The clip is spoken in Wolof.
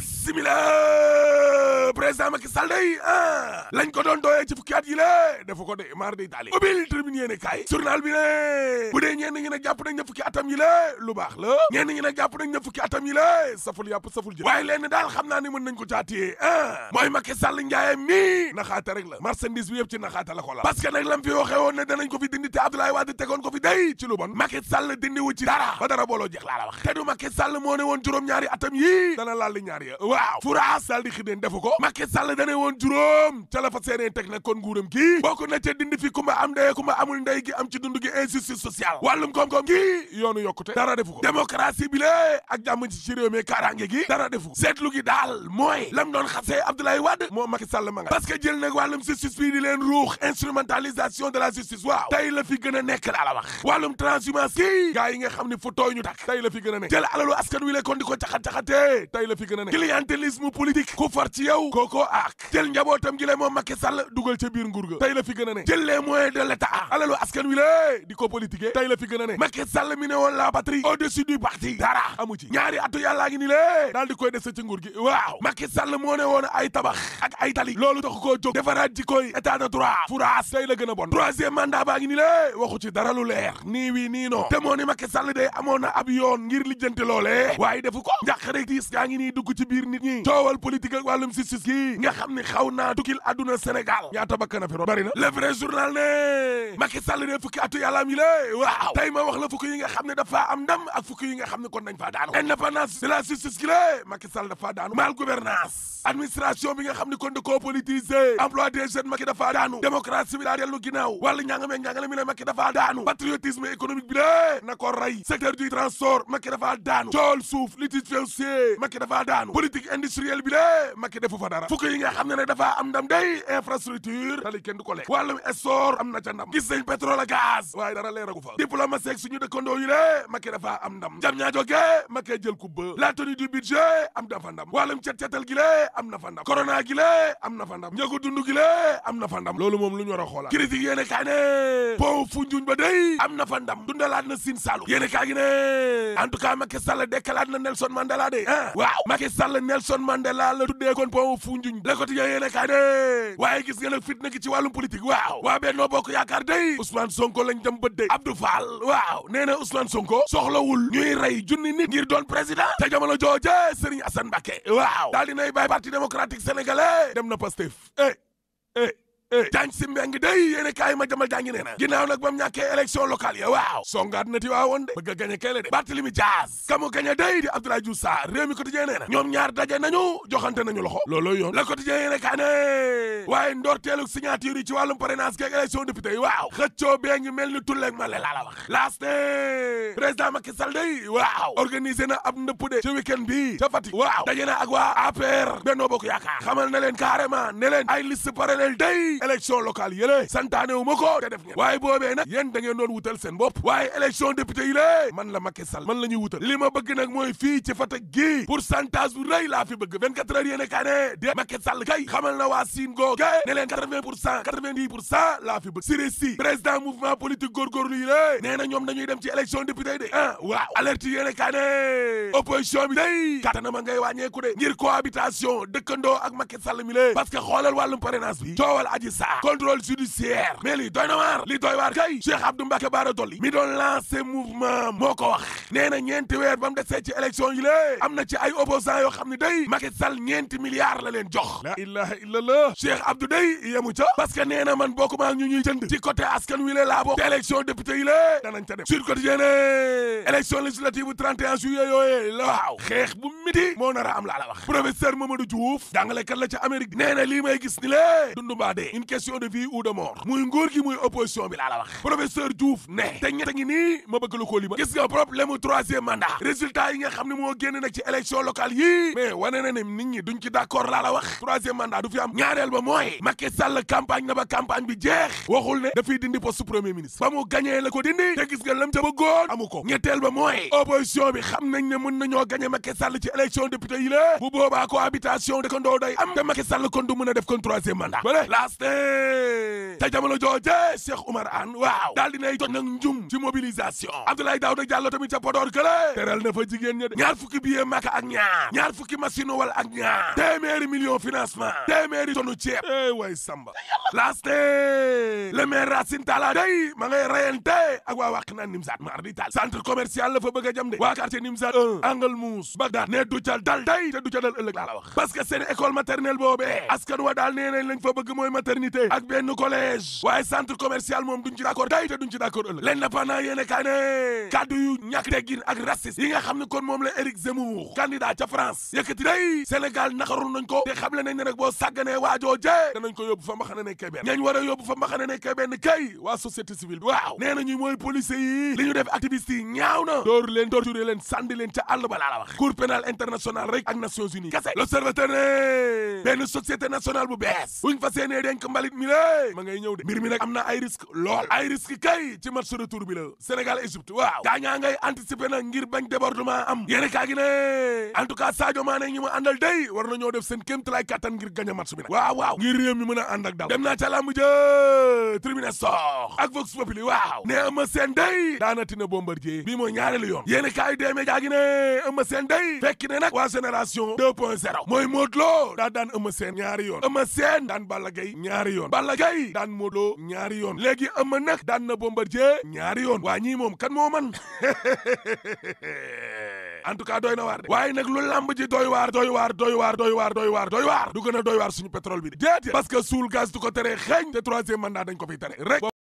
bismillah président Macky Sall day ah lañ ko doon dooyee ci fukki at yi lée de mar d' itali ubbil tribune yéene kaay journal bi ne bu dee ñenn ñi ne atam yi lu baax la ñenn ñi ne jàpp nañ ne fukki atam yi lée saful yàpp saful jë waaye leen daal xam naa ni mën nañ ko caatiyee ah mooy Macky Sall njaaye mi naxaate rek la marchandise bi yëpp ci naxaate la ko la parce que nag lam fi waxee ne danañ ko fi dindi te Abdoulaye Wade tegoon ko fi day ci lu bon Macky Sall dane woon juróom ca la fa seenee teg nag kon nguuram kii bokk na ca dindi fi kumba am ndey kumba amul ndey gi am ci dund gi injustice sociale wàllum koom gi yoonu yokkute dara defu ko démocratie ak jàmm ci ci réew mi gi dara defu seetlu gi daal mooy lam doon xasee Abdoulaye Wade moo Macky Sall ma nga jël nag wàllum justice bi di ruux instrumentalisation de la justice waaw tey la fi gën a nekk la wax wàllum transhumance koo aak jël njabootam gi la moom Macky Sall dugal ca biir nguur ga tey la fi gën a ne jël les moyens de l'état alalu askan wi lée di ko politiquer tey la fi gën a ne Macky Sall mi ne woon la patrie au-dessus du parti dara amu ñaari atu yàllaa ngi ni lée daal koy dese ci nguur gi waaw Macky Sall moo woon ay tabax ak ay tali loolu tax koo jóg defaraat koy état de droit furaas tey la a bon troisième mandat baa ngi ni lée ci dara lu leer nii wii nii non te moo bii nga xam ne xaw naa tukkil adduna Sénégal ñaata bakkan a fi rot bari journal ne Macky Sall ne fukki atu yàllaam yi lée waaw tey wax la fukki yi nga xam ne dafa am ndam ak fukki yi nga xam ne kon dañ daanu indépendance de la justice ki lée Macky dafa daanu mal gouvernance administration bi nga xam ne kon da koo politiser emploi des jeunes Macky dafa daanu démocratie bi na ko rey secteur du transport Macky dafa daanu cool suuf litige foncier Macky dafa mbokk yi nga xam ne ne dafaa am ndam day infrastructure tali kenn du ko lekk wàllum essor am na ca ndam gis nañ pétrole a gaz waaye dara leeragu fa diplomatie ak suñu dëkkandoo yi ne Macky dafaa am ndam jam ñaa joge Macky jël ku ba la tenue du budget am na fa ndam wàllum cet-cetal gi lée am na fa ndam corona gi lée am na ndam njëgu dund gi lée am na ndam loolu moom lu ñu war a xoolaat critique yéene kaay ne ba day am na ndam dundalaat na Sine Saloum yéene kaay gi ne en tout cas Macky juñ le quotidien yéen a kaay ne waaye gis nga nag fitna gi ci wàllum politique waaw waa Benno Bokk Yaakaar day Ousmane Sonko lañ dem bët de Abdou Fall waaw nee na Ousmane Sonko soxlawul ñuy rey junni nit ngir doon président te jamono jooje Serigne Assane Mbacké waaw daal dinay bàyyi parti démocratique sénégalais dem na Pastef eh, eh. jaañ eh. si mbeng day yéen a kaay ma jamal jàngi nee na ginnaaw nag ba mu ñàkkee élection locale ya waaw songaat na ti waa woon de bëgg a gañe kay la de Barthélemy Dias kamu gañe day di Abdoulaye Diouf Sarr réew nee na ñoom ñaar daje nañu joxante nañu loxo looloo yoon la quotidien yéen a waaye ndorteelu signature yi ci wàllum parrainage geeg élection député yi waaw xëccoo bee mel ni tulleeg ma le laa wax laas président Macky Sall waaw organisé élection local yële santaane wu ma ko te def ngeen waaye boobee nag yéen da ngeen doon wutal seen bopp waaye élection député yi man la Macky Sall man la ñuy wutal li ma bëgg nag mooy fii ci Fatick gii pourcentage bu rëy laa fi bëgg 24 heures yéene kaa ne de Macky Sall kay xamal na waa Sine googe ne leen 80 pour cent 90 pour cent laa fi bëgg Siré Sy président mouvement politique góorgóorlu yi lée nee na ñoom dañuy dem ci élection député yi de ah waaw alerte yéene kaa ne ma ngay wàññeeku de ngir cohabitation dëkkandoo ak Macky Sall mi lée parce Macky Sall contrôle judiciaire mais li doy na waar li doy waar kay Cheikh Abdou Mbacké Bara Dolly mi doon lancé mouvement moo ko wax nee ñeenti weer ba mu desee ci élection yi lée am na ci ay opposants yoo xam ne day Macky Sall ñeenti milliards la leen jox la ilaha illallah Cheikh Abdou day yemu ca parce que nee na man bokkuma ak ñu ñuy jënd ci côté askan wi la laa bokk te élection député yi danañ ca dem Sud Quotidien élection législative bu 31 juillet yooyee la waaw midi moo nar a am laa la wax professeur Mamadou Diouf jàngalekat la ca Amérique nee lii may gis ni lée dundu mbaa dee une question de vie de mort muy nguur gi muy opposition bi laa la wax professeur Diouf ne te ñett ngi nii ma bëgg la koo lima gis nga problème troisième mandat résultat yi nga xam ne moo génn nag ci élection locale yii mais wane na ne nit ñi ci d'accord laa la wax troisième mandat du fi ñaareel ba mooy Macky Sall campagne la ko dindi ba mooy élection député yi la bu boobaa cohabitation dëkkandoo day am te Macky Sall kon du mën a def kon troisième mandat bale laaste te jamono jooje Cheikh Oumar Anne waaw daal dinay jot nag njum ci mobilisation Abdoulaye Daouda Diallo tamit ca Podor kële teral na fa jigéen ña de ñaar fukki billet Makka ak ñaar ñaar fukki machine wala ak ñaar téeméeri million financement téeméeri tonu ceeb eh way samba laaste le maire Racine Talla day ma ngay ak waa wàq a du ca dal day te du ca dal ëllëg wax parce que école maternelle boobee eh. askan wa daal nee nañ fa bëgg mooy maternité ak benn collège waaye centre commercial moom duñ ci day te duñ ci d'accord ëllëg l'indépendant yéene kaay ne yu ñàkk teggin ak raciste yi nga xam ne kon moom la Éric Zemmour candidat ca France yëkkati day Sénégal naxarul nañ ko te xam le nañ ne rek boo sàgganee waajoo jee ko yóbbu fa mbaxana nekkee benn a kay waa société civile international rek ak nations unies kese l'observateur ne ben société nationale bu bes buñ fas yéenee denk mbalit mi lé ma ngay ñëw de mbir mi nak amna ay risque lol ay risque kay ci match retour bi la Sénégal Égypte waaw gaañaa ngay anticiper nak ngir bañ débordement am yéene ka gi ne en tout cas Sadio Mané ñi ma àndal day war na ñoo def seen tlay katan ngir gañ match bi nak waaw waaw ngir réew mi mëna and ak dal dem na ci lamb jë tribune sox ak vox populi waaw ne am seen day daanatina bombardier bii mooy ñaareelu yoon yéene kay démé ja gi ne am sen day fekk ne nag waa génération 2.0 mooy Modou Lo daa daan Eumeu Sène ñaari yoon Eumeu Sène daan Balla Gaye ñaari yoon bala Gaye daan Modou Lo ñaari yoon léegi Eumeu nag daan na Bombardier ñaari yoon waa ñii moom kan moo man en tout waar de waaye nag lu lamb ji doy waar doy waar doy waar doy a doy suñu pétrole bi de déedéet suul gaz du ko tere xeeñ te troisième mandat dañ ko fiy tere rek